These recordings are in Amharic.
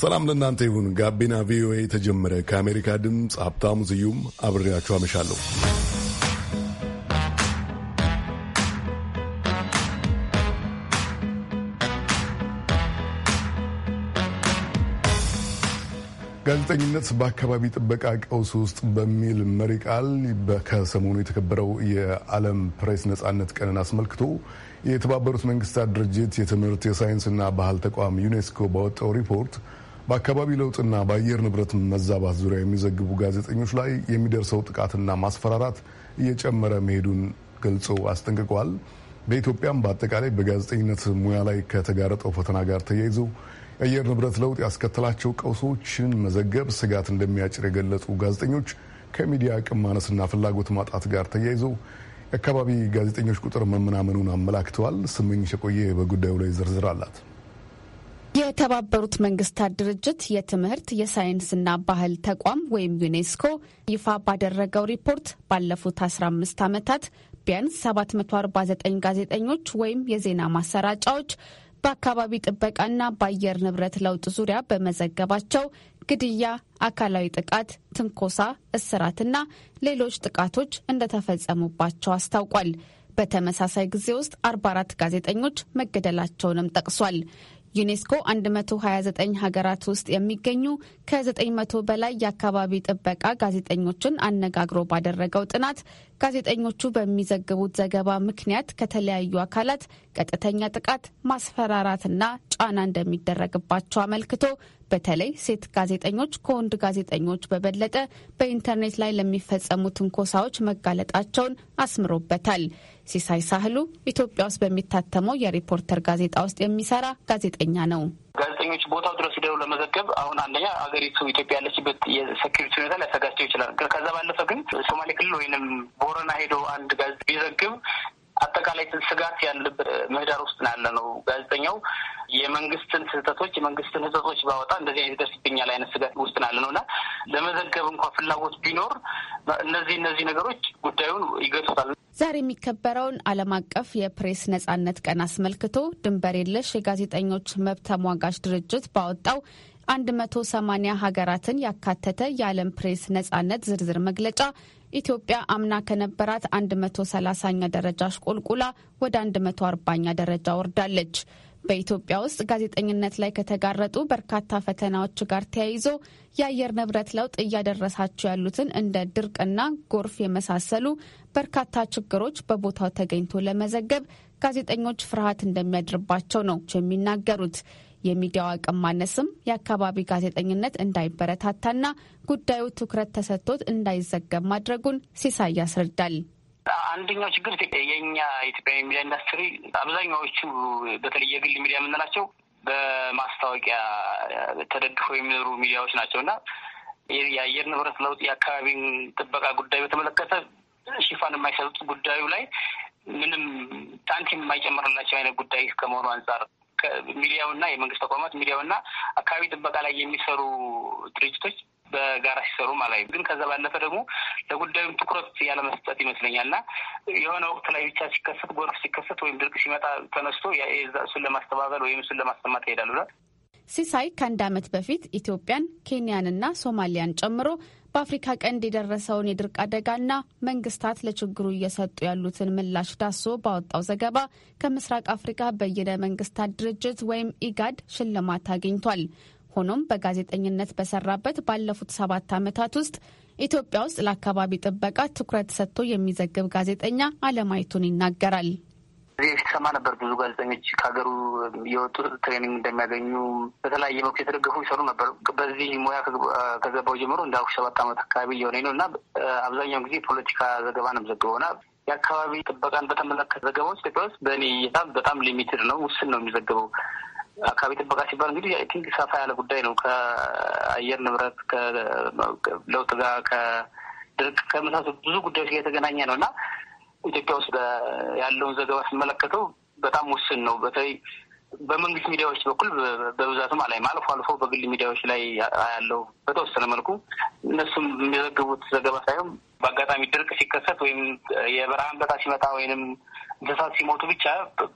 ሰላም ለእናንተ ይሁን። ጋቢና ቪኦኤ የተጀመረ ከአሜሪካ ድምፅ ሀብታሙ ስዩም አብሬያችሁ አመሻለሁ። ጋዜጠኝነት በአካባቢ ጥበቃ ቀውስ ውስጥ በሚል መሪ ቃል ከሰሞኑ የተከበረው የዓለም ፕሬስ ነጻነት ቀንን አስመልክቶ የተባበሩት መንግስታት ድርጅት የትምህርት የሳይንስና ባህል ተቋም ዩኔስኮ ባወጣው ሪፖርት በአካባቢ ለውጥና በአየር ንብረት መዛባት ዙሪያ የሚዘግቡ ጋዜጠኞች ላይ የሚደርሰው ጥቃትና ማስፈራራት እየጨመረ መሄዱን ገልጸው አስጠንቅቀዋል። በኢትዮጵያም በአጠቃላይ በጋዜጠኝነት ሙያ ላይ ከተጋረጠው ፈተና ጋር ተያይዞ የአየር ንብረት ለውጥ ያስከተላቸው ቀውሶችን መዘገብ ስጋት እንደሚያጭር የገለጹ ጋዜጠኞች ከሚዲያ አቅም ማነስና ፍላጎት ማጣት ጋር ተያይዘው የአካባቢ ጋዜጠኞች ቁጥር መመናመኑን አመላክተዋል። ስመኝሽ የቆየ በጉዳዩ ላይ ዝርዝር አላት። የተባበሩት መንግስታት ድርጅት የትምህርት የሳይንስና ባህል ተቋም ወይም ዩኔስኮ ይፋ ባደረገው ሪፖርት ባለፉት 15 ዓመታት ቢያንስ 749 ጋዜጠኞች ወይም የዜና ማሰራጫዎች በአካባቢ ጥበቃና በአየር ንብረት ለውጥ ዙሪያ በመዘገባቸው ግድያ፣ አካላዊ ጥቃት፣ ትንኮሳ፣ እስራትና ሌሎች ጥቃቶች እንደተፈጸሙባቸው አስታውቋል። በተመሳሳይ ጊዜ ውስጥ 44 ጋዜጠኞች መገደላቸውንም ጠቅሷል። ዩኔስኮ 129 ሀገራት ውስጥ የሚገኙ ከ900 በላይ የአካባቢ ጥበቃ ጋዜጠኞችን አነጋግሮ ባደረገው ጥናት ጋዜጠኞቹ በሚዘግቡት ዘገባ ምክንያት ከተለያዩ አካላት ቀጥተኛ ጥቃት፣ ማስፈራራትና ጫና እንደሚደረግባቸው አመልክቶ በተለይ ሴት ጋዜጠኞች ከወንድ ጋዜጠኞች በበለጠ በኢንተርኔት ላይ ለሚፈጸሙ ትንኮሳዎች መጋለጣቸውን አስምሮበታል። ሲሳይ ሳህሉ ኢትዮጵያ ውስጥ በሚታተመው የሪፖርተር ጋዜጣ ውስጥ የሚሰራ ጋዜጠኛ ነው። ጋዜጠኞች ቦታው ድረስ ሄደው ለመዘገብ አሁን አንደኛ አገሪቱ ኢትዮጵያ ያለችበት የሴኪሪቲ ሁኔታ ሊያሰጋቸው ይችላል። ከዛ ባለፈ ግን ሶማሌ ክልል ወይንም ቦረና ሄዶ አንድ ጋዜጣ ቢዘግብ አጠቃላይ ስጋት ያለበት ምህዳር ውስጥ ነው ያለ ነው። ጋዜጠኛው የመንግስትን ስህተቶች የመንግስትን ህጸቶች ባወጣ እንደዚህ አይነት ይደርስብኛል አይነት ስጋት ውስጥ ነው ያለ ነው እና ለመዘገብ እንኳ ፍላጎት ቢኖር እነዚህ እነዚህ ነገሮች ጉዳዩን ይገልጹታል። ዛሬ የሚከበረውን ዓለም አቀፍ የፕሬስ ነጻነት ቀን አስመልክቶ ድንበር የለሽ የጋዜጠኞች መብት ተሟጋች ድርጅት ባወጣው 180 ሀገራትን ያካተተ የዓለም ፕሬስ ነጻነት ዝርዝር መግለጫ ኢትዮጵያ አምና ከነበራት 130ኛ ደረጃ አሽቆልቁላ ወደ 140ኛ ደረጃ ወርዳለች። በኢትዮጵያ ውስጥ ጋዜጠኝነት ላይ ከተጋረጡ በርካታ ፈተናዎች ጋር ተያይዞ የአየር ንብረት ለውጥ እያደረሳቸው ያሉትን እንደ ድርቅና ጎርፍ የመሳሰሉ በርካታ ችግሮች በቦታው ተገኝቶ ለመዘገብ ጋዜጠኞች ፍርሃት እንደሚያድርባቸው ነው የሚናገሩት። የሚዲያው አቅም ማነስም የአካባቢ ጋዜጠኝነት እንዳይበረታታና ጉዳዩ ትኩረት ተሰጥቶት እንዳይዘገብ ማድረጉን ሲሳይ ያስረዳል። አንደኛው ችግር የኛ ኢትዮጵያ ሚዲያ ኢንዱስትሪ አብዛኛዎቹ በተለይ የግል ሚዲያ የምንላቸው በማስታወቂያ ተደግፈው የሚኖሩ ሚዲያዎች ናቸው እና የአየር ንብረት ለውጥ፣ የአካባቢን ጥበቃ ጉዳይ በተመለከተ ሽፋን የማይሰጡት ጉዳዩ ላይ ምንም ሳንቲም የማይጨምርላቸው አይነት ጉዳይ ከመሆኑ አንጻር ሚዲያውና የመንግስት ተቋማት ሚዲያውና አካባቢ ጥበቃ ላይ የሚሰሩ ድርጅቶች በጋራ ሲሰሩ ማለት ግን ከዛ ባለፈ ደግሞ ለጉዳዩም ትኩረት ያለመስጠት ይመስለኛል እና የሆነ ወቅት ላይ ብቻ ሲከሰት ጎርፍ ሲከሰት ወይም ድርቅ ሲመጣ ተነስቶ እሱን ለማስተባበል ወይም እሱን ለማስተማት ይሄዳል ብሏል። ሲሳይ ከአንድ አመት በፊት ኢትዮጵያን ኬንያንና ሶማሊያን ጨምሮ በአፍሪካ ቀንድ የደረሰውን የድርቅ አደጋና መንግስታት ለችግሩ እየሰጡ ያሉትን ምላሽ ዳሶ ባወጣው ዘገባ ከምስራቅ አፍሪካ በየነ መንግስታት ድርጅት ወይም ኢጋድ ሽልማት አግኝቷል። ሆኖም በጋዜጠኝነት በሰራበት ባለፉት ሰባት ዓመታት ውስጥ ኢትዮጵያ ውስጥ ለአካባቢ ጥበቃ ትኩረት ሰጥቶ የሚዘግብ ጋዜጠኛ አለማየቱን ይናገራል። እዚህ በፊት ሰማ ነበር ብዙ ጋዜጠኞች ከሀገሩ የወጡ ትሬኒንግ እንደሚያገኙ በተለያየ መልኩ የተደገፉ ይሰሩ ነበር። በዚህ ሙያ ከገባው ጀምሮ እንዳልኩ ሰባት ዓመት አካባቢ እየሆነ ነው እና አብዛኛውን ጊዜ ፖለቲካ ዘገባ ነው የምዘግበውና የአካባቢ ጥበቃን በተመለከተ ዘገባዎች ኢትዮጵያ ውስጥ በእኔ እይታ በጣም ሊሚትድ ነው፣ ውስን ነው የሚዘገበው። አካባቢ ጥበቃ ሲባል እንግዲህ አይ ቲንክ ሰፋ ያለ ጉዳይ ነው። ከአየር ንብረት ከለውጥ ጋር ከድርቅ ከመሳሰሉ ብዙ ጉዳዮች ጋር የተገናኘ ነው እና ኢትዮጵያ ውስጥ ያለውን ዘገባ ስመለከተው በጣም ውስን ነው። በተለይ በመንግስት ሚዲያዎች በኩል በብዛትም አላይም። አልፎ አልፎ በግል ሚዲያዎች ላይ ያለው በተወሰነ መልኩ እነሱም የሚዘግቡት ዘገባ ሳይሆን በአጋጣሚ ድርቅ ሲከሰት ወይም የበረሃ አንበጣ ሲመጣ ወይንም እንስሳት ሲሞቱ ብቻ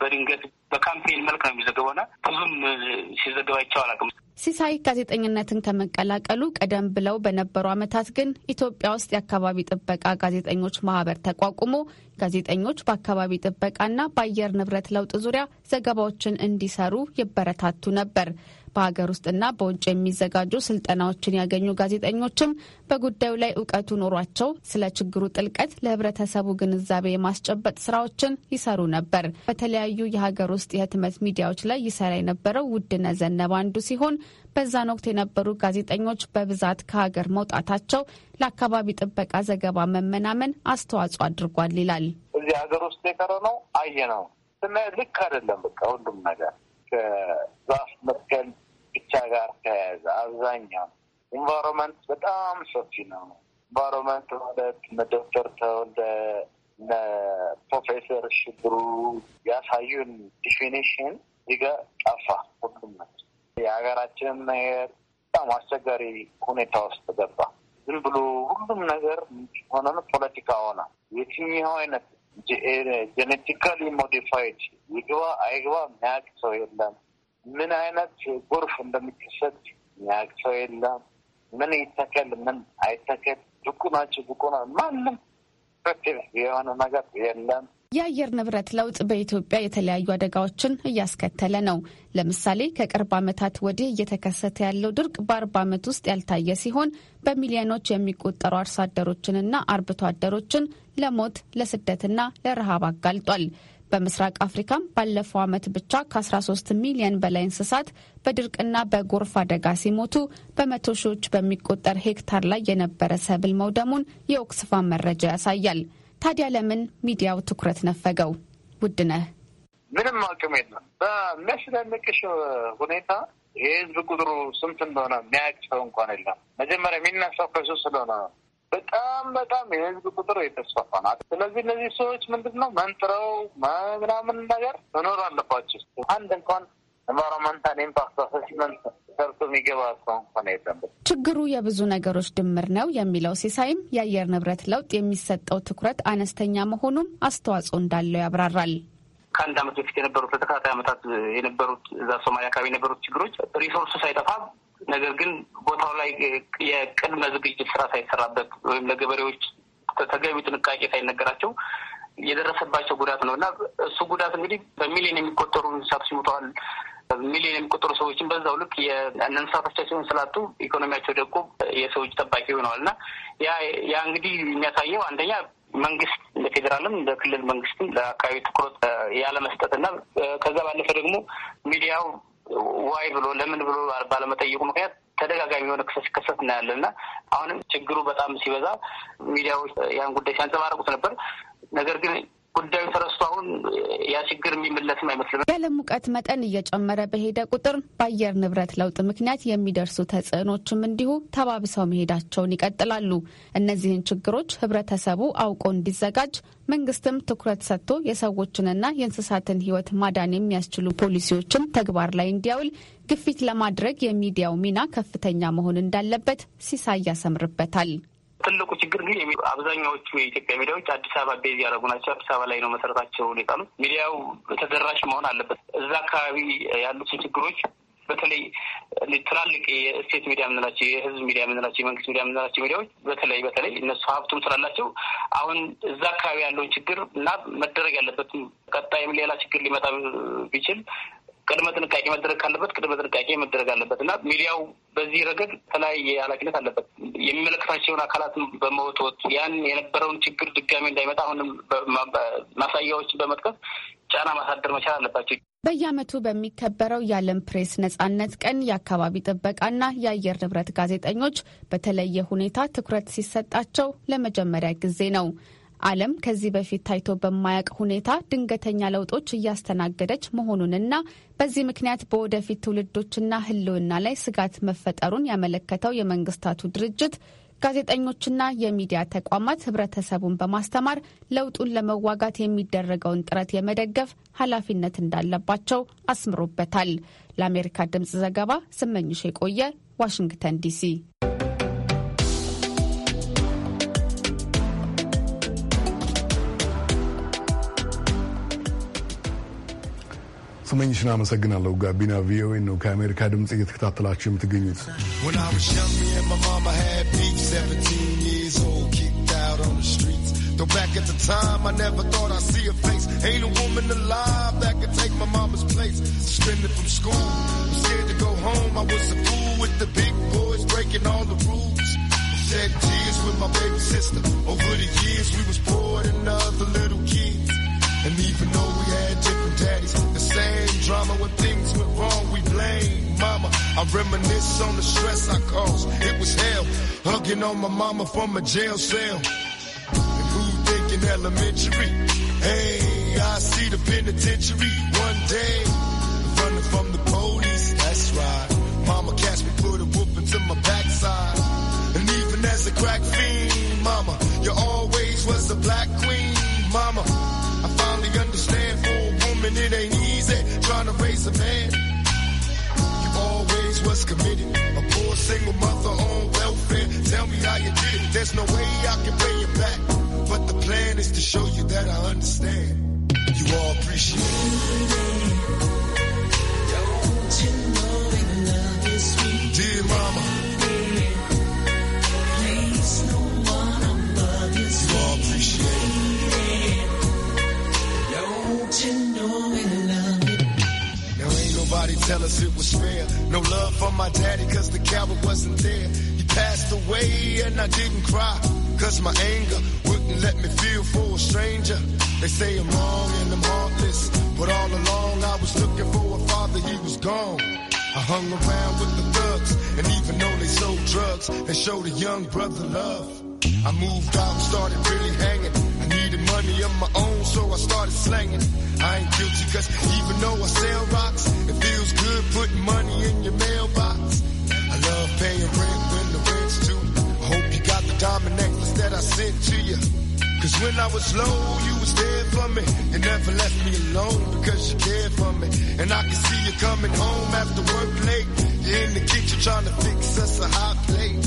በድንገት በካምፔን መልክ ነው የሚዘገበውና ብዙም ሲዘገብ አይቼው አላውቅም። ሲሳይ ጋዜጠኝነትን ከመቀላቀሉ ቀደም ብለው በነበሩ ዓመታት ግን ኢትዮጵያ ውስጥ የአካባቢ ጥበቃ ጋዜጠኞች ማህበር ተቋቁሞ ጋዜጠኞች በአካባቢ ጥበቃና በአየር ንብረት ለውጥ ዙሪያ ዘገባዎችን እንዲሰሩ ይበረታቱ ነበር። በሀገር ውስጥና በውጭ የሚዘጋጁ ስልጠናዎችን ያገኙ ጋዜጠኞችም በጉዳዩ ላይ እውቀቱ ኖሯቸው ስለ ችግሩ ጥልቀት ለህብረተሰቡ ግንዛቤ የማስጨበጥ ስራዎችን ይሰሩ ነበር። በተለያዩ የሀገር ውስጥ የህትመት ሚዲያዎች ላይ ይሰራ የነበረው ውድነ ዘነብ አንዱ ሲሆን በዛን ወቅት የነበሩ ጋዜጠኞች በብዛት ከሀገር መውጣታቸው ለአካባቢ ጥበቃ ዘገባ መመናመን አስተዋጽኦ አድርጓል ይላል። እዚህ ሀገር ውስጥ የቀረ ነው አየ ነው ስና ልክ አይደለም። በቃ ሁሉም ነገር ከዛፍ መትከል ብቻ ጋር ተያያዘ። አብዛኛው ኢንቫይሮንመንት በጣም ሰፊ ነው። ኢንቫይሮንመንት ማለት እነ ዶክተር ተወልደ እነ ፕሮፌሰር ሽብሩ ያሳዩን ዲፊኒሽን ዚጋ ጠፋ። ሁሉም የሀገራችንም ነገር በጣም አስቸጋሪ ሁኔታ ውስጥ ገባ። ዝም ብሎ ሁሉም ነገር ሆነ ፖለቲካ ሆነ። የትኛው አይነት ጄኔቲካሊ ሞዲፋይድ ይግባ አይግባ ሚያውቅ ሰው የለም። ምን አይነት ጎርፍ እንደሚከሰት የሚያውቅ ሰው የለም። ምን ይተከል ምን አይተከል፣ ብቁ ናቸው ብቁ ነው ማንም የሆነ ነገር የለም። የአየር ንብረት ለውጥ በኢትዮጵያ የተለያዩ አደጋዎችን እያስከተለ ነው። ለምሳሌ ከቅርብ ዓመታት ወዲህ እየተከሰተ ያለው ድርቅ በአርባ ዓመት ውስጥ ያልታየ ሲሆን በሚሊዮኖች የሚቆጠሩ አርሶ አደሮችንና አርብቶ አደሮችን ለሞት ለስደትና ለረሃብ አጋልጧል። በምስራቅ አፍሪካም ባለፈው ዓመት ብቻ ከ13 ሚሊየን በላይ እንስሳት በድርቅና በጎርፍ አደጋ ሲሞቱ በመቶ ሺዎች በሚቆጠር ሄክታር ላይ የነበረ ሰብል መውደሙን የኦክስፋም መረጃ ያሳያል። ታዲያ ለምን ሚዲያው ትኩረት ነፈገው? ውድ ነህ ምንም አቅም የለም። በሚያስደንቅሽ ሁኔታ የህዝብ ቁጥሩ ስንት እንደሆነ የሚያቅ ሰው እንኳን የለም። መጀመሪያ የሚነሳው ከሱ ስለሆነ ነው። በጣም በጣም የህዝብ ቁጥር የተስፋፋ ናት። ስለዚህ እነዚህ ሰዎች ምንድን ነው መንጥረው ምናምን ነገር መኖር አለባቸው። አንድ እንኳን ኤንቫይሮንመንታል ኢምፓክት አሰስመንት ሰርቶ የሚገባ ሰው እንኳን የለም። ችግሩ የብዙ ነገሮች ድምር ነው የሚለው ሲሳይም የአየር ንብረት ለውጥ የሚሰጠው ትኩረት አነስተኛ መሆኑም አስተዋጽኦ እንዳለው ያብራራል። ከአንድ ዓመት በፊት የነበሩት ለተከታታይ ዓመታት የነበሩት እዛ ሶማሊያ አካባቢ የነበሩት ችግሮች ሪሶርሱ ሳይጠፋ ነገር ግን ቦታው ላይ የቅድመ ዝግጅት ስራ ሳይሰራበት ወይም ለገበሬዎች ተገቢ ጥንቃቄ ሳይነገራቸው የደረሰባቸው ጉዳት ነው እና እሱ ጉዳት እንግዲህ በሚሊዮን የሚቆጠሩ እንስሳቶች ሞተዋል። ሚሊዮን የሚቆጠሩ ሰዎችን በዛው ልክ ሲሆን ስላጡ ኢኮኖሚያቸው ደቆ የሰው እጅ ጠባቂ ሆነዋል እና ያ ያ እንግዲህ የሚያሳየው አንደኛ መንግስት ለፌዴራልም ለክልል መንግስትም ለአካባቢ ትኩረት ያለመስጠት እና ከዛ ባለፈ ደግሞ ሚዲያው ዋይ ብሎ ለምን ብሎ ባለመጠየቁ ምክንያት ተደጋጋሚ የሆነ ክሰት ክሰት እናያለን እና አሁንም ችግሩ በጣም ሲበዛ ሚዲያዎች ያን ጉዳይ ሲያንጸባረቁት ነበር። ነገር ግን ጉዳዩ ተረስቶ አሁን ያ ችግር የሚመለስም አይመስልም። የዓለም ሙቀት መጠን እየጨመረ በሄደ ቁጥር በአየር ንብረት ለውጥ ምክንያት የሚደርሱ ተጽዕኖችም እንዲሁ ተባብሰው መሄዳቸውን ይቀጥላሉ። እነዚህን ችግሮች ህብረተሰቡ አውቆ እንዲዘጋጅ መንግስትም ትኩረት ሰጥቶ የሰዎችንና የእንስሳትን ህይወት ማዳን የሚያስችሉ ፖሊሲዎችን ተግባር ላይ እንዲያውል ግፊት ለማድረግ የሚዲያው ሚና ከፍተኛ መሆን እንዳለበት ሲሳይ ያሰምርበታል። ትልቁ ችግር ግን አብዛኛዎቹ የኢትዮጵያ ሚዲያዎች አዲስ አበባ ቤዝ ያደረጉ ናቸው። አዲስ አበባ ላይ ነው መሰረታቸውን የጣሉት። ሚዲያው ተደራሽ መሆን አለበት። እዛ አካባቢ ያሉትን ችግሮች በተለይ ትላልቅ የስቴት ሚዲያ የምንላቸው የህዝብ ሚዲያ የምንላቸው የመንግስት ሚዲያ የምንላቸው ሚዲያዎች በተለይ በተለይ እነሱ ሀብቱም ስላላቸው አሁን እዛ አካባቢ ያለውን ችግር እና መደረግ ያለበትም ቀጣይም ሌላ ችግር ሊመጣ ቢችል ቅድመ ጥንቃቄ መደረግ ካለበት ቅድመ ጥንቃቄ መደረግ አለበት እና ሚዲያው በዚህ ረገድ የተለያየ ኃላፊነት አለበት። የሚመለከታቸውን አካላት በመወትወት ያን የነበረውን ችግር ድጋሚ እንዳይመጣ አሁንም ማሳያዎችን በመጥቀስ ጫና ማሳደር መቻል አለባቸው። በየዓመቱ በሚከበረው የዓለም ፕሬስ ነጻነት ቀን የአካባቢ ጥበቃና የአየር ንብረት ጋዜጠኞች በተለየ ሁኔታ ትኩረት ሲሰጣቸው ለመጀመሪያ ጊዜ ነው። ዓለም ከዚህ በፊት ታይቶ በማያውቅ ሁኔታ ድንገተኛ ለውጦች እያስተናገደች መሆኑንና በዚህ ምክንያት በወደፊት ትውልዶችና ሕልውና ላይ ስጋት መፈጠሩን ያመለከተው የመንግስታቱ ድርጅት ጋዜጠኞችና የሚዲያ ተቋማት ህብረተሰቡን በማስተማር ለውጡን ለመዋጋት የሚደረገውን ጥረት የመደገፍ ኃላፊነት እንዳለባቸው አስምሮበታል። ለአሜሪካ ድምፅ ዘገባ ስመኝሽ የቆየ ዋሽንግተን ዲሲ። ስመኝሽን አመሰግናለሁ። ጋቢና ቪኦኤ ነው ከአሜሪካ ድምፅ እየተከታተላችሁ የምትገኙት። So back at the time, I never thought I'd see a face. Ain't a woman alive that could take my mama's place. Suspended from school, I'm scared to go home. I was a fool with the big boys, breaking all the rules. Shed tears with my baby sister. Over the years, we was poor than other little kids. And even though we had different daddies, the same drama when things went wrong, we blame mama. I reminisce on the stress I caused. It was hell, hugging on my mama from a jail cell. And who thinking elementary? Hey, I see the penitentiary one day. always a man. You always was committed. A poor single mother on welfare. Tell me how you did it. There's no way I can pay you back. But the plan is to show you that I understand. You all appreciate it. tell us it was fair. No love for my daddy, cause the coward wasn't there. He passed away and I didn't cry, cause my anger wouldn't let me feel for a stranger. They say I'm wrong and I'm heartless, but all along I was looking for a father, he was gone. I hung around with the thugs, and even though they sold drugs, they showed a young brother love. I moved out and started really hanging. I needed money of my own, so I started slanging. I ain't guilty cause even though I sell rocks, it feels good putting money in your mailbox. I love paying rent when the rent's due. I hope you got the diamond necklace that I sent to you. Cause when I was low, you was there for me. You never left me alone because you cared for me. And I can see you coming home after work late. You're in the kitchen trying to fix us a hot plate.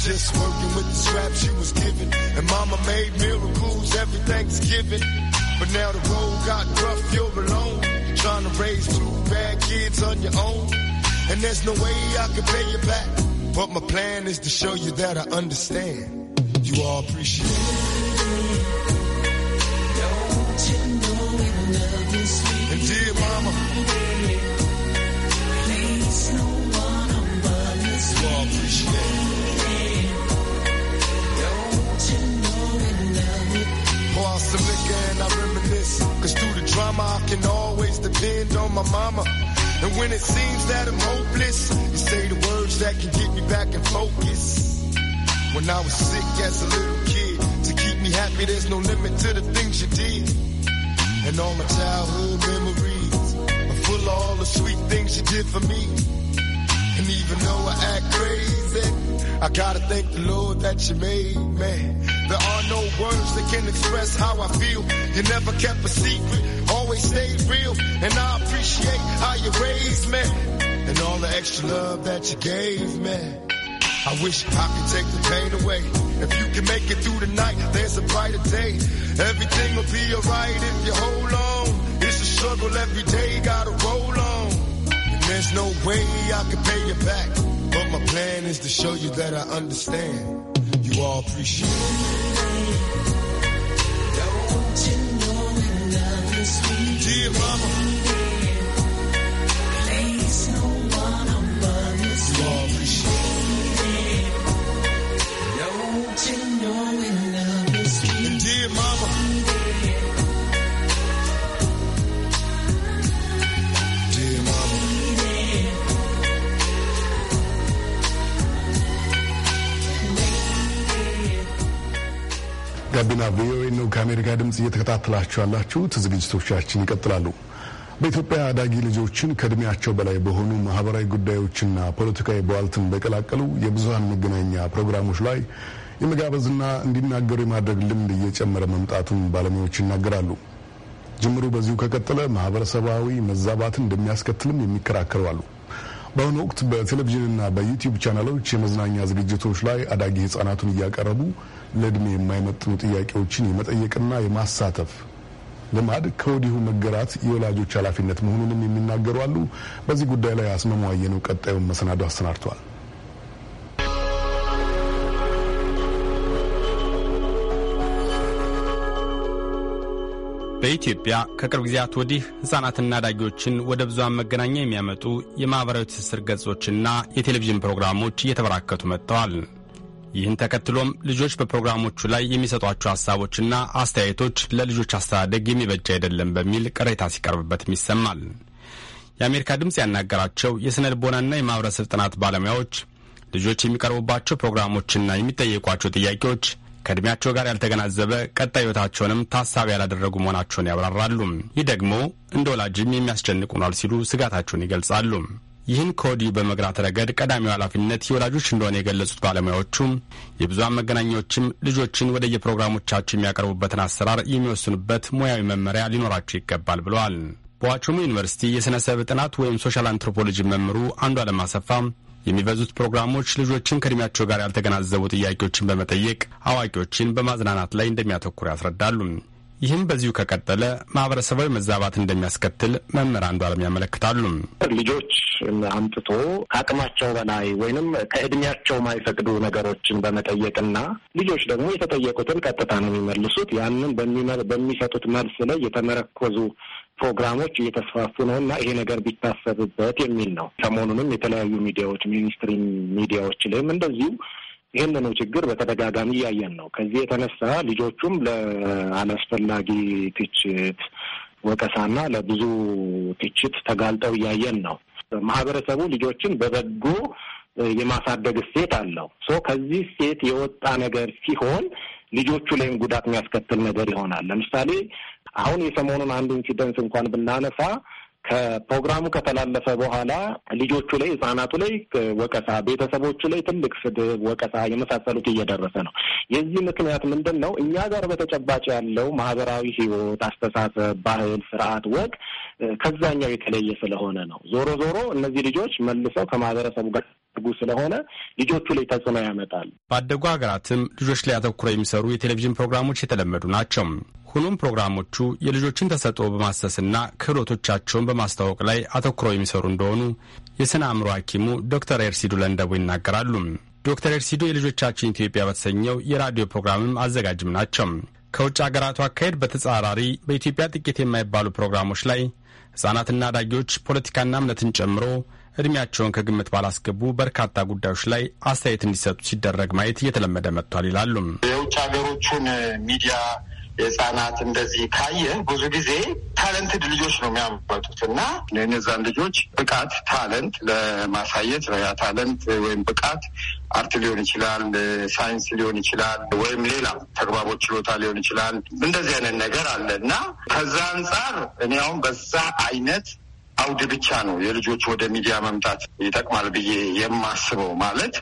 Just working with the scraps she was given. And mama made miracles every Thanksgiving. But now the road got rough, you're alone. Trying to raise two bad kids on your own. And there's no way I can pay you back. But my plan is to show you that I understand. You all appreciate it. Don't you know we love you, depend on my mama. And when it seems that I'm hopeless, you say the words that can get me back in focus. When I was sick as a little kid, to keep me happy, there's no limit to the things you did. And all my childhood memories are full of all the sweet things you did for me. And even though I act crazy, I gotta thank the Lord that you made me. There are no words that can express how I feel. You never kept a secret always stayed real, and I appreciate how you raised me and all the extra love that you gave me. I wish I could take the pain away. If you can make it through the night, there's a brighter day. Everything will be alright if you hold on. It's a struggle every day, gotta roll on. And there's no way I can pay you back. But my plan is to show you that I understand. You all appreciate it. Dear mama. ጋቢና ቪኦኤ ነው ከአሜሪካ ድምፅ እየተከታተላችሁ ያላችሁት። ዝግጅቶቻችን ይቀጥላሉ። በኢትዮጵያ አዳጊ ልጆችን ከእድሜያቸው በላይ በሆኑ ማህበራዊ ጉዳዮችና ፖለቲካዊ በዋልትን በቀላቀሉ የብዙሀን መገናኛ ፕሮግራሞች ላይ የመጋበዝና እንዲናገሩ የማድረግ ልምድ እየጨመረ መምጣቱን ባለሙያዎች ይናገራሉ። ጅምሩ በዚሁ ከቀጠለ ማህበረሰባዊ መዛባትን እንደሚያስከትልም የሚከራከሩ አሉ። በአሁኑ ወቅት በቴሌቪዥንና በዩቲዩብ ቻናሎች የመዝናኛ ዝግጅቶች ላይ አዳጊ ህጻናቱን እያቀረቡ ለእድሜ የማይመጥኑ ጥያቄዎችን የመጠየቅና የማሳተፍ ልማድ ከወዲሁ መገራት የወላጆች ኃላፊነት መሆኑንም የሚናገሩ አሉ። በዚህ ጉዳይ ላይ አስመሟየ ነው ቀጣዩን መሰናዶ አሰናድቷል። በኢትዮጵያ ከቅርብ ጊዜያት ወዲህ ሕፃናትና አዳጊዎችን ወደ ብዙሃን መገናኛ የሚያመጡ የማኅበራዊ ትስስር ገጾችና የቴሌቪዥን ፕሮግራሞች እየተበራከቱ መጥተዋል። ይህን ተከትሎም ልጆች በፕሮግራሞቹ ላይ የሚሰጧቸው ሐሳቦችና አስተያየቶች ለልጆች አስተዳደግ የሚበጃ አይደለም በሚል ቅሬታ ሲቀርብበትም ይሰማል። የአሜሪካ ድምፅ ያናገራቸው የሥነ ልቦናና የማኅበረሰብ ጥናት ባለሙያዎች ልጆች የሚቀርቡባቸው ፕሮግራሞችና የሚጠየቋቸው ጥያቄዎች ከእድሜያቸው ጋር ያልተገናዘበ ቀጣይ ህይወታቸውንም ታሳቢ ያላደረጉ መሆናቸውን ያብራራሉ። ይህ ደግሞ እንደ ወላጅም የሚያስጨንቅ ሲሉ ስጋታቸውን ይገልጻሉ። ይህን ከወዲሁ በመግራት ረገድ ቀዳሚው ኃላፊነት የወላጆች እንደሆነ የገለጹት ባለሙያዎቹም የብዙሃን መገናኛዎችም ልጆችን ወደ የፕሮግራሞቻቸው የሚያቀርቡበትን አሰራር የሚወስኑበት ሙያዊ መመሪያ ሊኖራቸው ይገባል ብለዋል። በዋቸሞ ዩኒቨርሲቲ የሥነ ሰብ ጥናት ወይም ሶሻል አንትሮፖሎጂ መምህሩ አንዱ አለማሰፋ የሚበዙት ፕሮግራሞች ልጆችን ከእድሜያቸው ጋር ያልተገናዘቡ ጥያቄዎችን በመጠየቅ አዋቂዎችን በማዝናናት ላይ እንደሚያተኩር ያስረዳሉ። ይህም በዚሁ ከቀጠለ ማህበረሰባዊ መዛባት እንደሚያስከትል መምህር አንዱ አለም ያመለክታሉ። ልጆች አምጥቶ ከአቅማቸው በላይ ወይንም ከእድሜያቸው ማይፈቅዱ ነገሮችን በመጠየቅና ልጆች ደግሞ የተጠየቁትን ቀጥታ ነው የሚመልሱት። ያንን በሚሰጡት መልስ ላይ የተመረኮዙ ፕሮግራሞች እየተስፋፉ ነው እና ይሄ ነገር ቢታሰብበት የሚል ነው። ሰሞኑንም የተለያዩ ሚዲያዎች ሚኒስትሪ ሚዲያዎች ላይም እንደዚሁ ይህንኑ ችግር በተደጋጋሚ እያየን ነው። ከዚህ የተነሳ ልጆቹም ለአላስፈላጊ ትችት ወቀሳና ለብዙ ትችት ተጋልጠው እያየን ነው። ማህበረሰቡ ልጆችን በበጎ የማሳደግ እሴት አለው። ሶ ከዚህ እሴት የወጣ ነገር ሲሆን ልጆቹ ላይም ጉዳት የሚያስከትል ነገር ይሆናል። ለምሳሌ አሁን የሰሞኑን አንድ ኢንሲደንስ እንኳን ብናነሳ ከፕሮግራሙ ከተላለፈ በኋላ ልጆቹ ላይ ህጻናቱ ላይ ወቀሳ፣ ቤተሰቦቹ ላይ ትልቅ ስድብ፣ ወቀሳ የመሳሰሉት እየደረሰ ነው። የዚህ ምክንያት ምንድን ነው? እኛ ጋር በተጨባጭ ያለው ማህበራዊ ህይወት፣ አስተሳሰብ፣ ባህል፣ ስርዓት፣ ወግ ከዛኛው የተለየ ስለሆነ ነው። ዞሮ ዞሮ እነዚህ ልጆች መልሰው ከማህበረሰቡ ጋር የሚፈልጉ ስለሆነ ልጆቹ ላይ ተጽዕኖ ያመጣል። ባደጉ ሀገራትም ልጆች ላይ አተኩረው የሚሰሩ የቴሌቪዥን ፕሮግራሞች የተለመዱ ናቸው። ሆኖም ፕሮግራሞቹ የልጆችን ተሰጥኦ በማሰስና ክህሎቶቻቸውን በማስተዋወቅ ላይ አተኩረው የሚሰሩ እንደሆኑ የስነ አእምሮ ሐኪሙ ዶክተር ኤርሲዱ ለንደቡ ይናገራሉ። ዶክተር ኤርሲዶ የልጆቻችን ኢትዮጵያ በተሰኘው የራዲዮ ፕሮግራምም አዘጋጅም ናቸው። ከውጭ አገራቱ አካሄድ በተጻራሪ በኢትዮጵያ ጥቂት የማይባሉ ፕሮግራሞች ላይ ሕፃናትና አዳጊዎች ፖለቲካና እምነትን ጨምሮ እድሜያቸውን ከግምት ባላስገቡ በርካታ ጉዳዮች ላይ አስተያየት እንዲሰጡ ሲደረግ ማየት እየተለመደ መጥቷል ይላሉ። የውጭ ሀገሮቹን ሚዲያ የህጻናት እንደዚህ ካየ ብዙ ጊዜ ታለንትድ ልጆች ነው የሚያመጡት እና እነዛን ልጆች ብቃት ታለንት ለማሳየት ያ ታለንት ወይም ብቃት አርት ሊሆን ይችላል፣ ሳይንስ ሊሆን ይችላል፣ ወይም ሌላ ተግባቦች ችሎታ ሊሆን ይችላል። እንደዚህ አይነት ነገር አለ እና ከዛ አንጻር እኔ አሁን በዛ አይነት አውድ ብቻ ነው የልጆች ወደ ሚዲያ መምጣት ይጠቅማል ብዬ የማስበው። ማለት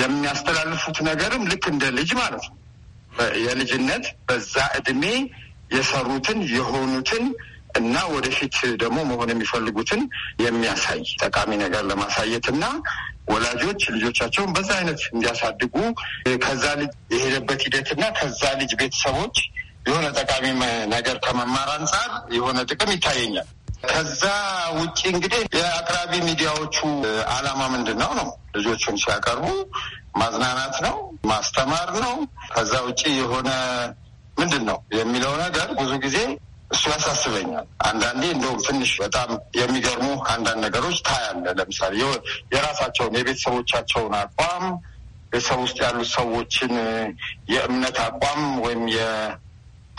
የሚያስተላልፉት ነገርም ልክ እንደ ልጅ ማለት ነው። የልጅነት በዛ እድሜ የሰሩትን የሆኑትን እና ወደፊት ደግሞ መሆን የሚፈልጉትን የሚያሳይ ጠቃሚ ነገር ለማሳየት እና ወላጆች ልጆቻቸውን በዛ አይነት እንዲያሳድጉ ከዛ ልጅ የሄደበት ሂደት እና ከዛ ልጅ ቤተሰቦች የሆነ ጠቃሚ ነገር ከመማር አንጻር የሆነ ጥቅም ይታየኛል። ከዛ ውጭ እንግዲህ የአቅራቢ ሚዲያዎቹ አላማ ምንድን ነው ነው ልጆቹን ሲያቀርቡ ማዝናናት ነው፣ ማስተማር ነው። ከዛ ውጭ የሆነ ምንድን ነው የሚለው ነገር ብዙ ጊዜ እሱ ያሳስበኛል። አንዳንዴ እንደውም ትንሽ በጣም የሚገርሙ አንዳንድ ነገሮች ታያለ። ለምሳሌ የራሳቸውን የቤተሰቦቻቸውን አቋም ቤተሰብ ውስጥ ያሉት ሰዎችን የእምነት አቋም ወይም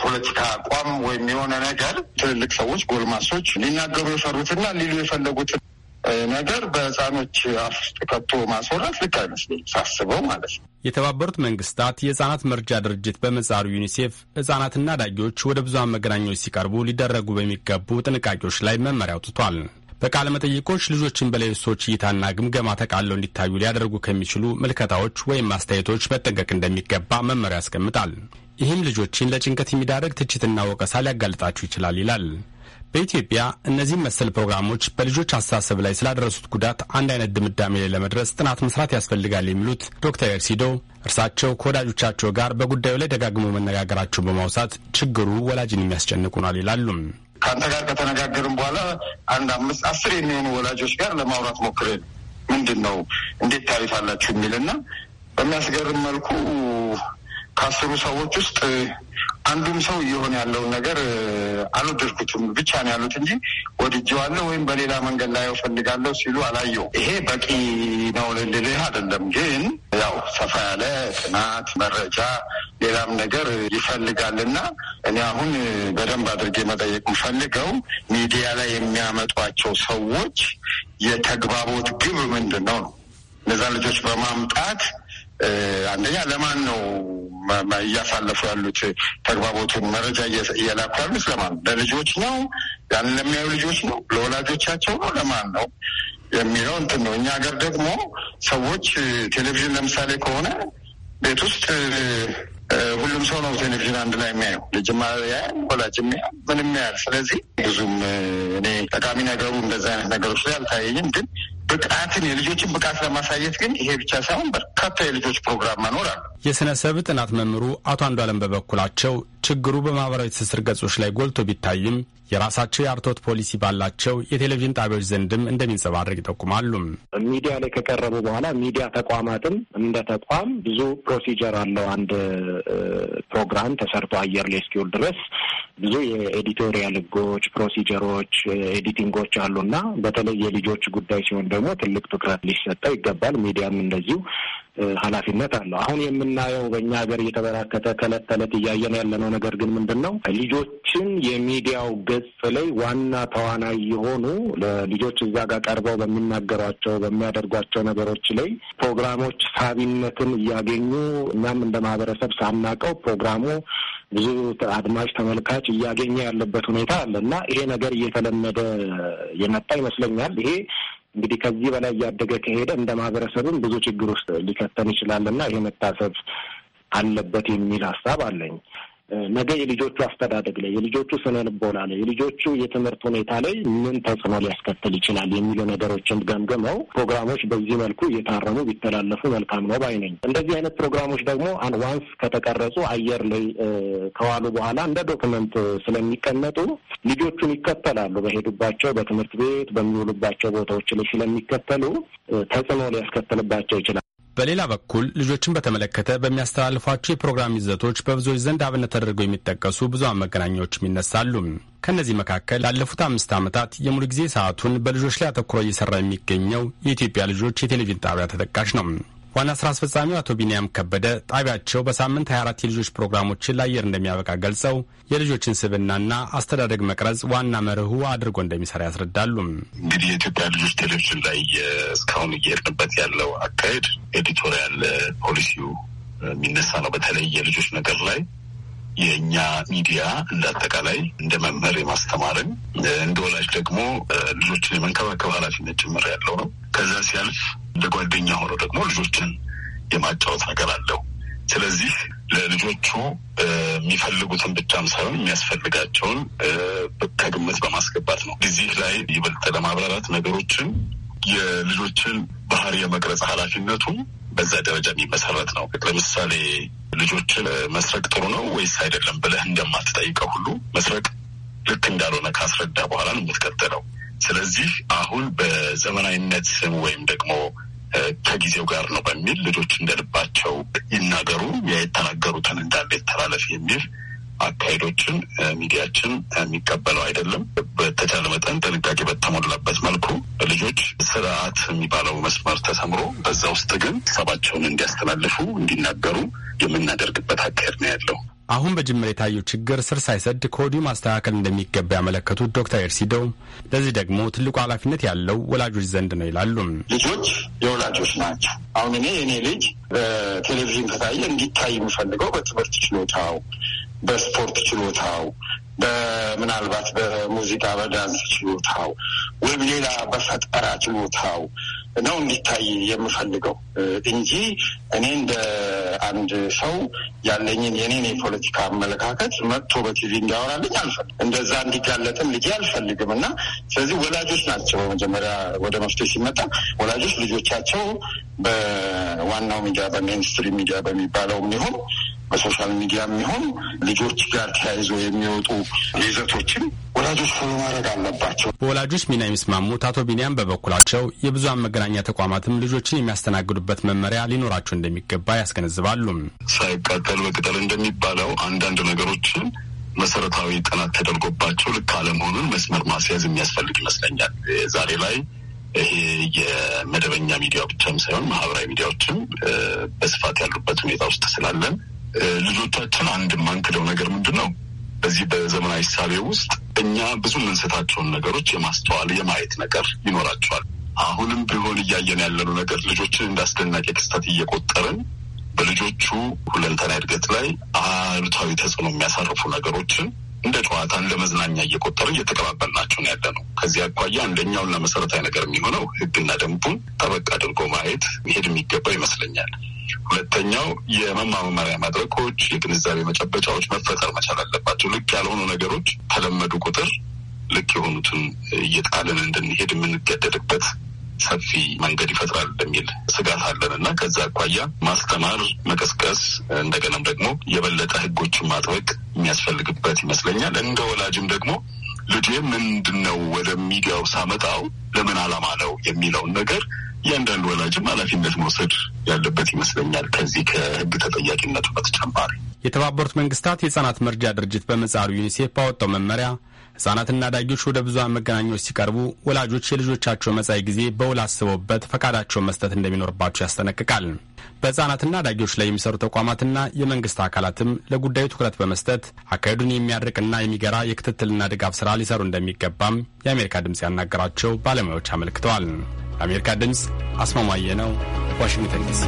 ፖለቲካ አቋም ወይም የሆነ ነገር ትልልቅ ሰዎች ጎልማሶች ሊናገሩ የፈሩትና ሊሉ የፈለጉትን ነገር በህፃኖች አፍ ውስጥ ከቶ ማስወራት ልክ አይመስለኝ ሳስበው ማለት ነው። የተባበሩት መንግስታት የህጻናት መርጃ ድርጅት በምህጻሩ ዩኒሴፍ ህጻናትና አዳጊዎች ወደ ብዙሀን መገናኛዎች ሲቀርቡ ሊደረጉ በሚገቡ ጥንቃቄዎች ላይ መመሪያ አውጥቷል። በቃለ መጠይቆች ልጆችን በሌሎች ሰዎች እይታና ግምገማ ተቃለው እንዲታዩ ሊያደርጉ ከሚችሉ ምልከታዎች ወይም አስተያየቶች መጠንቀቅ እንደሚገባ መመሪያ ያስቀምጣል። ይህም ልጆችን ለጭንቀት የሚዳረግ ትችትና ወቀሳ ሊያጋልጣችሁ ይችላል ይላል። በኢትዮጵያ እነዚህ መሰል ፕሮግራሞች በልጆች አስተሳሰብ ላይ ስላደረሱት ጉዳት አንድ አይነት ድምዳሜ ላይ ለመድረስ ጥናት መስራት ያስፈልጋል የሚሉት ዶክተር ኤርሲዶ እርሳቸው ከወዳጆቻቸው ጋር በጉዳዩ ላይ ደጋግሞ መነጋገራቸው በማውሳት ችግሩ ወላጅን የሚያስጨንቁናል ይላሉም። ከአንተ ጋር ከተነጋገርን በኋላ አንድ አምስት አስር የሚሆኑ ወላጆች ጋር ለማውራት ሞክረን ምንድን ነው እንዴት ታሪፍ አላችሁ የሚልና በሚያስገርም መልኩ ከአስሩ ሰዎች ውስጥ አንዱም ሰው እየሆነ ያለውን ነገር አልወደድኩትም ብቻ ነው ያሉት እንጂ ወድጀዋለሁ ወይም በሌላ መንገድ ላይ ፈልጋለሁ ሲሉ አላየው። ይሄ በቂ ነው ልልህ አይደለም፣ ግን ያው ሰፋ ያለ ጥናት መረጃ፣ ሌላም ነገር ይፈልጋልና እኔ አሁን በደንብ አድርጌ መጠየቅ ምፈልገው ሚዲያ ላይ የሚያመጧቸው ሰዎች የተግባቦት ግብ ምንድን ነው ነው እነዛ ልጆች በማምጣት አንደኛ ለማን ነው እያሳለፉ ያሉት ተግባቦቱን መረጃ እየላኩ ያሉት ለማን ለልጆች ነው? ያን ለሚያዩ ልጆች ነው? ለወላጆቻቸው ነው? ለማን ነው የሚለው እንትን ነው። እኛ ሀገር ደግሞ ሰዎች ቴሌቪዥን ለምሳሌ ከሆነ ቤት ውስጥ ሁሉም ሰው ነው ቴሌቪዥን አንድ ላይ የሚያየው። ልጅማ ያያል፣ ወላጅም ያያል፣ ምንም ያያል። ስለዚህ ብዙም እኔ ጠቃሚ ነገሩ እንደዚህ አይነት ነገሮች ላይ አልታየኝም። ግን ብቃትን የልጆችን ብቃት ለማሳየት ግን ይሄ ብቻ ሳይሆን በር በርካታ የልጆች ፕሮግራም መኖር አለ። የሥነ ሰብ ጥናት መምህሩ አቶ አለም በበኩላቸው ችግሩ በማኅበራዊ ትስስር ገጾች ላይ ጎልቶ ቢታይም የራሳቸው የአርቶት ፖሊሲ ባላቸው የቴሌቪዥን ጣቢያዎች ዘንድም እንደሚንጸባረቅ ይጠቁማሉ። ሚዲያ ላይ ከቀረቡ በኋላ ሚዲያ ተቋማትም እንደ ተቋም ብዙ ፕሮሲጀር አለው። አንድ ፕሮግራም ተሰርቶ አየር ላይ እስኪውል ድረስ ብዙ የኤዲቶሪያል ህጎች፣ ፕሮሲጀሮች፣ ኤዲቲንጎች አሉና በተለይ የልጆች ጉዳይ ሲሆን ደግሞ ትልቅ ትኩረት ሊሰጠው ይገባል። ሚዲያም እንደዚሁ ኃላፊነት አለው። አሁን የምናየው በእኛ ሀገር እየተበራከተ ከእለት ተዕለት እያየን ያለነው ነገር ግን ምንድን ነው ልጆችን የሚዲያው ገጽ ላይ ዋና ተዋናይ የሆኑ ለልጆች እዛ ጋር ቀርበው በሚናገሯቸው በሚያደርጓቸው ነገሮች ላይ ፕሮግራሞች ሳቢነትን እያገኙ እኛም እንደ ማህበረሰብ ሳናቀው ፕሮግራሙ ብዙ አድማጭ ተመልካች እያገኘ ያለበት ሁኔታ አለ እና ይሄ ነገር እየተለመደ የመጣ ይመስለኛል። ይሄ እንግዲህ ከዚህ በላይ እያደገ ከሄደ እንደ ማህበረሰብም ብዙ ችግር ውስጥ ሊከተን ይችላልና ይሄ መታሰብ አለበት የሚል ሀሳብ አለኝ። ነገ የልጆቹ አስተዳደግ ላይ፣ የልጆቹ ስነ ልቦና ላይ፣ የልጆቹ የትምህርት ሁኔታ ላይ ምን ተጽዕኖ ሊያስከትል ይችላል የሚሉ ነገሮችን ገምግመው ፕሮግራሞች በዚህ መልኩ እየታረሙ ቢተላለፉ መልካም ነው ባይ ነኝ። እንደዚህ አይነት ፕሮግራሞች ደግሞ አንዋንስ ከተቀረጹ አየር ላይ ከዋሉ በኋላ እንደ ዶክመንት ስለሚቀመጡ ልጆቹን ይከተላሉ። በሄዱባቸው በትምህርት ቤት በሚውሉባቸው ቦታዎች ላይ ስለሚከተሉ ተጽዕኖ ሊያስከትልባቸው ይችላል። በሌላ በኩል ልጆችን በተመለከተ በሚያስተላልፏቸው የፕሮግራም ይዘቶች በብዙዎች ዘንድ አብነት ተደርገው የሚጠቀሱ ብዙሃን መገናኛዎችም ይነሳሉ። ከእነዚህ መካከል ላለፉት አምስት ዓመታት የሙሉ ጊዜ ሰዓቱን በልጆች ላይ አተኩሮ እየሰራ የሚገኘው የኢትዮጵያ ልጆች የቴሌቪዥን ጣቢያ ተጠቃሽ ነው። ዋና ስራ አስፈጻሚው አቶ ቢንያም ከበደ ጣቢያቸው በሳምንት 24 የልጆች ፕሮግራሞችን ለአየር እንደሚያበቃ ገልጸው የልጆችን ስብናና አስተዳደግ መቅረጽ ዋና መርሁ አድርጎ እንደሚሰራ ያስረዳሉ። እንግዲህ የኢትዮጵያ ልጆች ቴሌቪዥን ላይ እስካሁን እየሄድንበት ያለው አካሄድ ኤዲቶሪያል ፖሊሲው የሚነሳ ነው። በተለይ የልጆች ነገር ላይ የእኛ ሚዲያ እንደ አጠቃላይ እንደ መምህር የማስተማርን እንደ ወላጅ ደግሞ ልጆችን የመንከባከብ ኃላፊነት ጭምር ያለው ነው። ከዛ ሲያልፍ እንደ ጓደኛ ሆኖ ደግሞ ልጆችን የማጫወት ነገር አለው። ስለዚህ ለልጆቹ የሚፈልጉትን ብቻም ሳይሆን የሚያስፈልጋቸውን ከግምት በማስገባት ነው። እዚህ ላይ ይበልጠ ለማብራራት ነገሮችን የልጆችን ባህሪ የመቅረጽ ኃላፊነቱ በዛ ደረጃ የሚመሰረት ነው። ለምሳሌ ልጆችን መስረቅ ጥሩ ነው ወይስ አይደለም ብለህ እንደማትጠይቀው ሁሉ መስረቅ ልክ እንዳልሆነ ካስረዳ በኋላ ነው የምትቀጥለው። ስለዚህ አሁን በዘመናዊነት ስም ወይም ደግሞ ከጊዜው ጋር ነው በሚል ልጆች እንደልባቸው ይናገሩ የተናገሩትን እንዳለ የተላለፍ የሚል አካሄዶችን ሚዲያችን የሚቀበለው አይደለም። በተቻለ መጠን ጥንቃቄ በተሞላበት መልኩ ልጆች ስርዓት የሚባለው መስመር ተሰምሮ በዛ ውስጥ ግን ሀሳባቸውን እንዲያስተላልፉ እንዲናገሩ የምናደርግበት አካሄድ ነው ያለው። አሁን በጅምር የታየው ችግር ስር ሳይሰድ ከወዲሁ ማስተካከል እንደሚገባ ያመለከቱት ዶክተር ኤርሲደው ለዚህ ደግሞ ትልቁ ኃላፊነት ያለው ወላጆች ዘንድ ነው ይላሉ። ልጆች የወላጆች ናቸው። አሁን እኔ የእኔ ልጅ በቴሌቪዥን ከታየ እንዲታይ የምፈልገው በትምህርት ችሎታው፣ በስፖርት ችሎታው፣ በምናልባት በሙዚቃ በዳንስ ችሎታው ወይም ሌላ በፈጠራ ችሎታው ነው እንዲታይ የምፈልገው እንጂ እኔ እንደ አንድ ሰው ያለኝን የኔን የፖለቲካ አመለካከት መጥቶ በቲቪ እንዲያወራልኝ አልፈልግም። እንደዛ እንዲጋለጥም ልጅ አልፈልግም እና ስለዚህ ወላጆች ናቸው በመጀመሪያ ወደ መፍትሄ ሲመጣ ወላጆች ልጆቻቸው በዋናው ሚዲያ በሜንስትሪም ሚዲያ በሚባለው ይሁን በሶሻል ሚዲያ የሚሆን ልጆች ጋር ተያይዞ የሚወጡ ይዘቶችን ወላጆች ፎሎ ማድረግ አለባቸው። በወላጆች ሚና የሚስማሙት አቶ ቢኒያም በበኩላቸው የብዙሀን መገናኛ ተቋማትም ልጆችን የሚያስተናግዱበት መመሪያ ሊኖራቸው እንደሚገባ ያስገነዝባሉ። ሳይቃጠል በቅጠል እንደሚባለው አንዳንድ ነገሮችን መሰረታዊ ጥናት ተደርጎባቸው ልክ አለመሆኑን መስመር ማስያዝ የሚያስፈልግ ይመስለኛል። ዛሬ ላይ ይሄ የመደበኛ ሚዲያ ብቻም ሳይሆን ማህበራዊ ሚዲያዎችም በስፋት ያሉበት ሁኔታ ውስጥ ስላለን ልጆቻችን አንድ የማንክደው ነገር ምንድን ነው? በዚህ በዘመናዊ ሳቤ ውስጥ እኛ ብዙ የምንሰታቸውን ነገሮች የማስተዋል የማየት ነገር ይኖራቸዋል። አሁንም ቢሆን እያየን ያለነው ነገር ልጆችን እንዳስደናቂ ክስተት እየቆጠርን በልጆቹ ሁለንተና እድገት ላይ አሉታዊ ተጽዕኖ የሚያሳርፉ ነገሮችን እንደ ጨዋታ እንደ መዝናኛ እየቆጠሩ እየተቀባበል ናቸው ያለ ነው። ከዚህ አኳያ አንደኛውና መሰረታዊ ነገር የሚሆነው ህግና ደንቡን ጠበቅ አድርጎ ማየት መሄድ የሚገባው ይመስለኛል። ሁለተኛው የመማመሪያ መድረኮች፣ የግንዛቤ መጨበጫዎች መፈጠር መቻል አለባቸው። ልክ ያልሆኑ ነገሮች ተለመዱ ቁጥር ልክ የሆኑትን እየጣልን እንድንሄድ የምንገደድበት ሰፊ መንገድ ይፈጥራል የሚል ስጋት አለን እና ከዛ አኳያ ማስተማር፣ መቀስቀስ እንደገናም ደግሞ የበለጠ ህጎችን ማጥበቅ የሚያስፈልግበት ይመስለኛል። እንደ ወላጅም ደግሞ ልጄ ምንድን ነው ወደ ሚዲያው ሳመጣው ለምን አላማ ነው የሚለውን ነገር እያንዳንድ ወላጅም ኃላፊነት መውሰድ ያለበት ይመስለኛል። ከዚህ ከህግ ተጠያቂነቱ በተጨማሪ የተባበሩት መንግስታት የህጻናት መርጃ ድርጅት በምህጻሩ ዩኒሴፍ ባወጣው መመሪያ ሕጻናትና ዳጊዎች ወደ ብዙሃን መገናኛዎች ሲቀርቡ ወላጆች የልጆቻቸው መጻኢ ጊዜ በውል አስበውበት ፈቃዳቸውን መስጠት እንደሚኖርባቸው ያስጠነቅቃል። በሕጻናትና ዳጊዎች ላይ የሚሰሩ ተቋማትና የመንግስት አካላትም ለጉዳዩ ትኩረት በመስጠት አካሄዱን የሚያድርቅና የሚገራ የክትትልና ድጋፍ ስራ ሊሰሩ እንደሚገባም የአሜሪካ ድምፅ ያናገራቸው ባለሙያዎች አመልክተዋል። ለአሜሪካ ድምፅ አስማማየ ነው፣ ዋሽንግተን ዲሲ።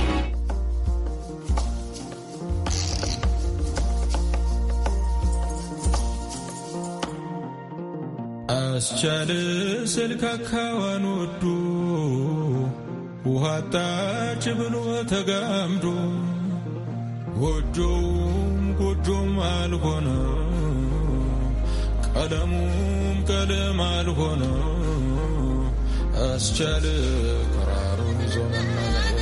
አስቻለ ስልካካዋን ወዶ ውሃ ጣጭ ብሎ ተጋምዶ ጎጆውም ጎጆም አልሆነ ቀለሙም ቀለም አልሆነ አስቻል ቀራሩን ዞመና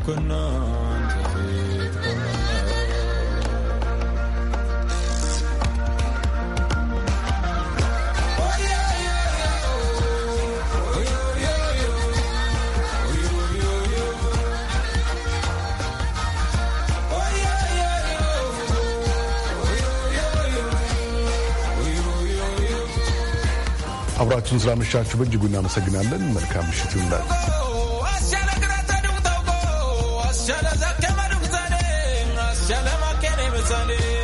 لو كنا انت አብራችሁን ስላመሻችሁ በእጅጉ እናመሰግናለን። መልካም ምሽት ይሁንላችሁ። Sunday.